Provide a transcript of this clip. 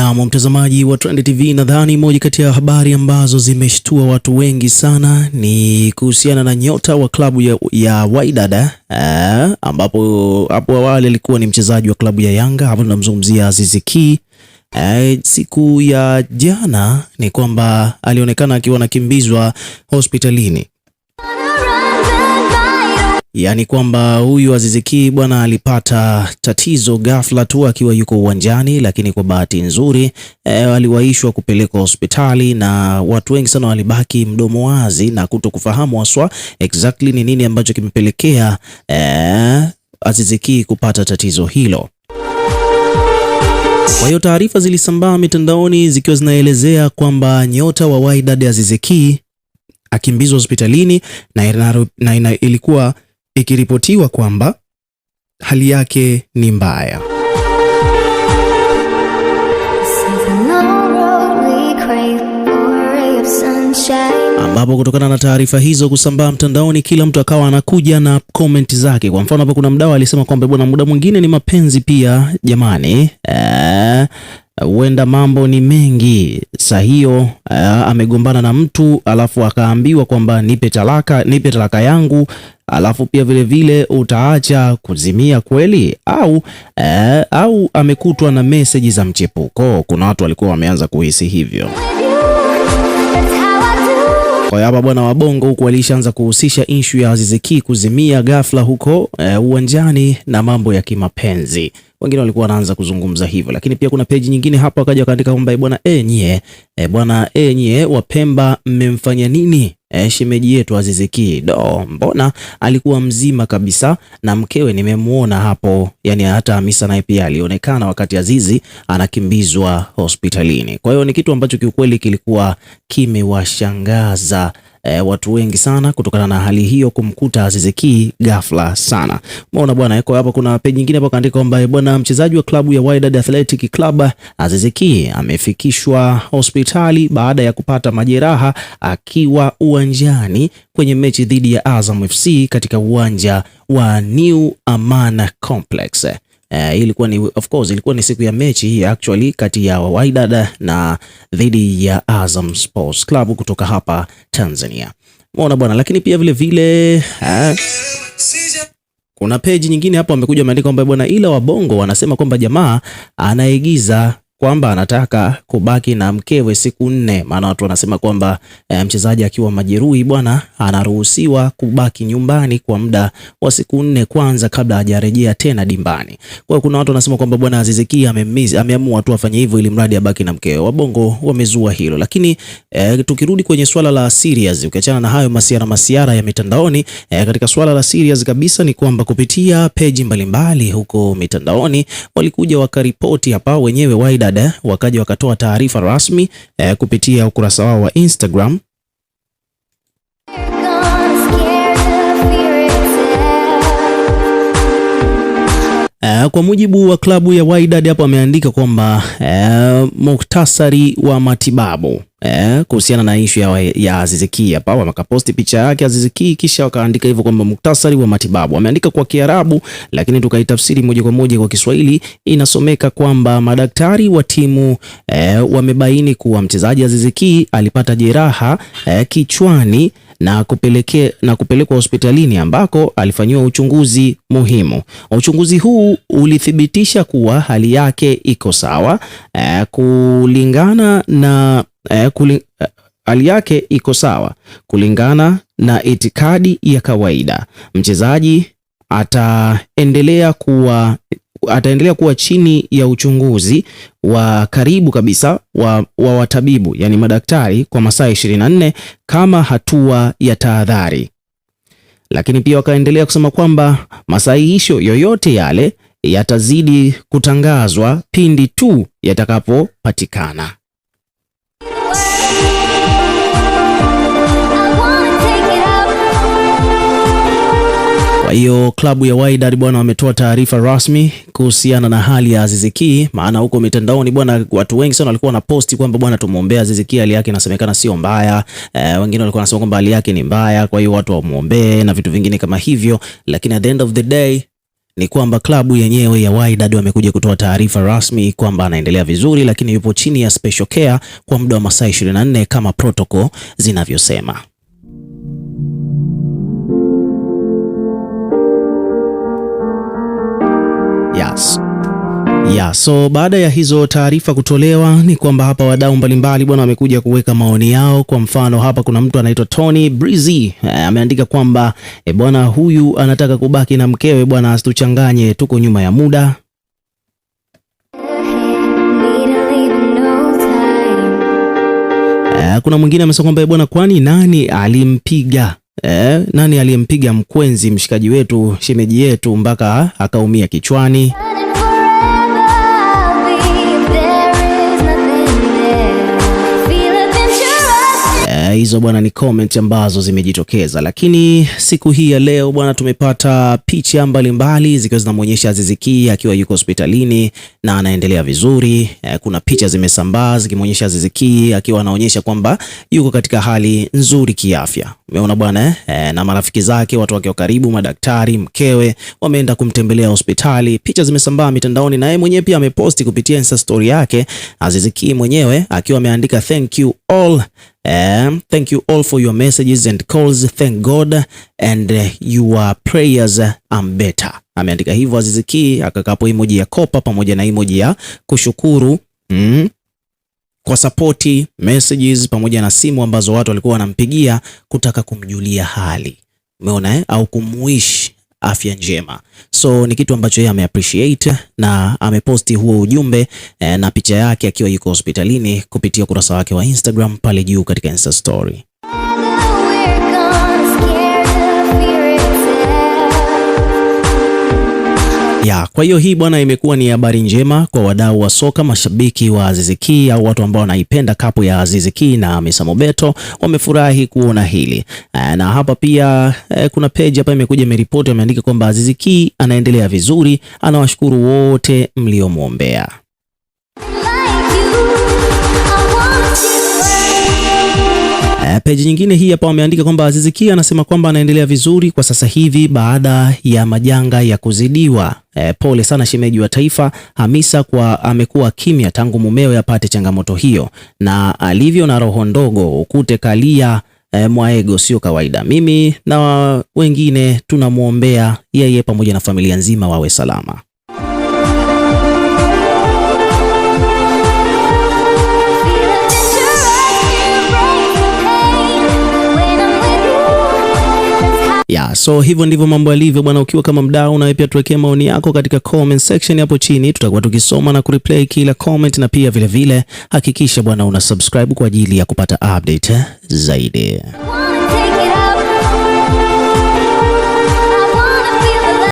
Naam, mtazamaji wa Trend TV, nadhani moja kati ya habari ambazo zimeshtua watu wengi sana ni kuhusiana na nyota wa klabu ya, ya Wydad eh, ambapo hapo awali alikuwa ni mchezaji wa klabu ya Yanga, hapo tunamzungumzia Aziz Ki. Eh, siku ya jana ni kwamba alionekana akiwa anakimbizwa hospitalini yaani kwamba huyu Aziziki bwana alipata tatizo ghafla tu akiwa yuko uwanjani, lakini kwa bahati nzuri e, aliwaishwa kupelekwa hospitali na watu wengi sana walibaki mdomo wazi na kuto kufahamu haswa exactly ni nini ambacho kimepelekea e, Aziziki kupata tatizo hilo. Kwa hiyo taarifa zilisambaa mitandaoni zikiwa zinaelezea kwamba nyota wa Wydad Aziziki akimbizwa hospitalini na, na, na ilikuwa ikiripotiwa kwamba hali yake ni mbaya. ambapo kutokana na taarifa hizo kusambaa mtandaoni, kila mtu akawa anakuja na komenti zake. Kwa mfano, hapa kuna mdau alisema kwamba bwana, muda mwingine ni mapenzi pia jamani, eh, huenda mambo ni mengi. Saa hiyo eh, amegombana na mtu alafu akaambiwa kwamba nipe talaka, nipe talaka yangu alafu pia vilevile vile utaacha kuzimia kweli au, eh, au amekutwa na meseji za mchepuko. Kuna watu walikuwa wameanza kuhisi hivyo. Kwa hiyo hapa bwana wabongo huku alishaanza kuhusisha inshu ya aziziki kuzimia ghafla huko eh, uwanjani na mambo ya kimapenzi. Wengine walikuwa wanaanza kuzungumza hivyo, lakini pia kuna peji nyingine hapo wakaja wakaandika kwamba bwana e, nyie e, eh, bwana e, nyie Wapemba mmemfanya nini? eh, shemeji yetu Aziziki do, mbona alikuwa mzima kabisa na mkewe nimemwona hapo, yani hata Hamisa naye pia alionekana wakati Azizi anakimbizwa hospitalini. Kwa hiyo ni kitu ambacho kiukweli kilikuwa kimewashangaza e, watu wengi sana kutokana na hali hiyo kumkuta Aziz Ki ghafla sana. Umeona bwana, yuko hapa, kuna peji nyingine hapo kaandika kwamba eh, bwana, mchezaji wa klabu ya Wydad Athletic Club Aziz Ki amefikishwa hospitali baada ya kupata majeraha akiwa uwanjani kwenye mechi dhidi ya Azam FC katika uwanja wa New Amana Complex. Uh, ilikuwa ni of course ilikuwa ni siku ya mechi hii actually kati ya Wydad na dhidi ya Azam Sports Club kutoka hapa Tanzania. Umeona bwana, lakini pia vile vile uh, kuna peji nyingine hapo wamekuja wameandika kwamba bwana, ila wabongo wanasema kwamba jamaa anaigiza kwamba anataka kubaki na mkewe siku nne. Maana watu wanasema kwamba e, mchezaji akiwa majeruhi bwana anaruhusiwa kubaki nyumbani kwa muda wa siku nne kwanza kabla hajarejea tena dimbani. Kwa hiyo kuna watu wanasema kwamba bwana Aziz Ki ameamua tu afanye hivyo ili mradi abaki na mkewe. Wabongo wamezua hilo, lakini e, tukirudi kwenye swala la serious, ukiachana na hayo masiara masiara ya mitandaoni e, katika swala la serious kabisa ni kwamba kupitia peji mbalimbali huko mitandaoni walikuja wakaripoti hapa wenyewe Waida Baghdad eh, wakaja wakatoa taarifa rasmi eh, kupitia ukurasa wao wa Instagram eh, Kwa mujibu wa klabu ya Wydad hapo ameandika kwamba eh, muktasari wa matibabu eh, kuhusiana na ishu ya, ya Aziziki hapa wakaposti picha yake Aziziki, kisha wakaandika hivyo kwamba muktasari wa matibabu. Wameandika kwa Kiarabu, lakini tukaitafsiri moja kwa moja kwa Kiswahili inasomeka kwamba madaktari wa timu eh, wamebaini kuwa mchezaji Aziziki alipata jeraha eh, kichwani na kupeleke, na kupelekwa hospitalini ambako alifanyiwa uchunguzi muhimu. Uchunguzi huu ulithibitisha kuwa hali yake iko sawa eh, kulingana na eh, kuli, eh, hali yake iko sawa kulingana na itikadi ya kawaida. Mchezaji ataendelea kuwa ataendelea kuwa chini ya uchunguzi wa karibu kabisa wa, wa watabibu yani madaktari kwa masaa 24 kama hatua ya tahadhari. Lakini pia wakaendelea kusema kwamba masahihisho yoyote yale yatazidi kutangazwa pindi tu yatakapopatikana. Kwa hiyo klabu ya Wydad bwana wametoa taarifa rasmi kuhusiana na hali ya Aziz Ki, maana huko mitandaoni bwana watu wengi sana walikuwa na posti kwamba bwana tumuombea Aziz Ki, hali yake inasemekana sio mbaya. E, wengine walikuwa wanasema kwamba hali yake ni mbaya, kwa hiyo watu wamuombee na vitu vingine kama hivyo, lakini at the end of the day ni kwamba klabu yenyewe ya Wydad wamekuja kutoa taarifa rasmi kwamba anaendelea vizuri, lakini yupo chini ya special care kwa muda wa masaa 24 kama protocol zinavyosema. Plus. Ya, so baada ya hizo taarifa kutolewa ni kwamba hapa wadau mbalimbali bwana wamekuja kuweka maoni yao. Kwa mfano hapa kuna mtu anaitwa Tony Breezy eh, ameandika kwamba e, bwana huyu anataka kubaki na mkewe bwana, asituchanganye, tuko nyuma ya muda. Eh, kuna mwingine amesema kwamba bwana, kwani nani alimpiga eh, nani aliyempiga mkwenzi mshikaji wetu shemeji yetu mpaka akaumia kichwani. hizo bwana ni comment ambazo zimejitokeza, lakini siku hii ya leo bwana, tumepata picha mbalimbali zikiwa zinamuonyesha Azizi Ki akiwa yuko hospitalini na anaendelea vizuri. E, kuna picha zimesambaa zikimuonyesha Azizi Ki akiwa anaonyesha kwamba yuko katika hali nzuri kiafya, umeona bwana e, na marafiki zake, watu wake wa karibu, madaktari, mkewe wameenda kumtembelea hospitali. Picha zimesambaa mitandaoni na yeye mwenyewe pia ameposti kupitia Insta story yake, Azizi Ki mwenyewe akiwa ameandika thank you all Um, thank you all for your messages and calls. Thank God and uh, your prayers am better. Ameandika hivyo Azizi Ki akakapo emoji ya kopa pamoja na emoji ya kushukuru mm, kwa sapoti messages pamoja na simu ambazo watu walikuwa wanampigia kutaka kumjulia hali, umeona eh, au kumuishi afya njema. So ni kitu ambacho yeye ameappreciate na ameposti huo ujumbe eh, na picha yake akiwa yuko hospitalini kupitia ukurasa wake wa Instagram pale juu katika Insta story. ya. Kwa hiyo hii bwana, imekuwa ni habari njema kwa wadau wa soka, mashabiki wa Aziziki au watu ambao wanaipenda kapu ya Aziziki na Mesa Mobeto wamefurahi kuona hili. Eh, na hapa pia eh, kuna page hapa imekuja imeripoti, wameandika kwamba Aziziki anaendelea vizuri, anawashukuru wote mliomwombea. E, nyingine hii hapa wameandika kwamba Aziz Ki anasema kwamba anaendelea vizuri kwa sasa hivi baada ya majanga ya kuzidiwa. E, pole sana shemeji wa taifa Hamisa kwa amekuwa kimya tangu mumeo yapate changamoto hiyo, na alivyo na roho ndogo ukute kalia E, mwaego sio kawaida. Mimi na wengine tunamwombea yeye pamoja na familia nzima wawe salama. yeah, so hivyo ndivyo mambo yalivyo bwana. Ukiwa kama mdau, wewe pia tuwekee maoni yako katika comment section hapo chini, tutakuwa tukisoma na kureplay kila comment, na pia vilevile vile, hakikisha bwana una subscribe kwa ajili ya kupata update zaidi.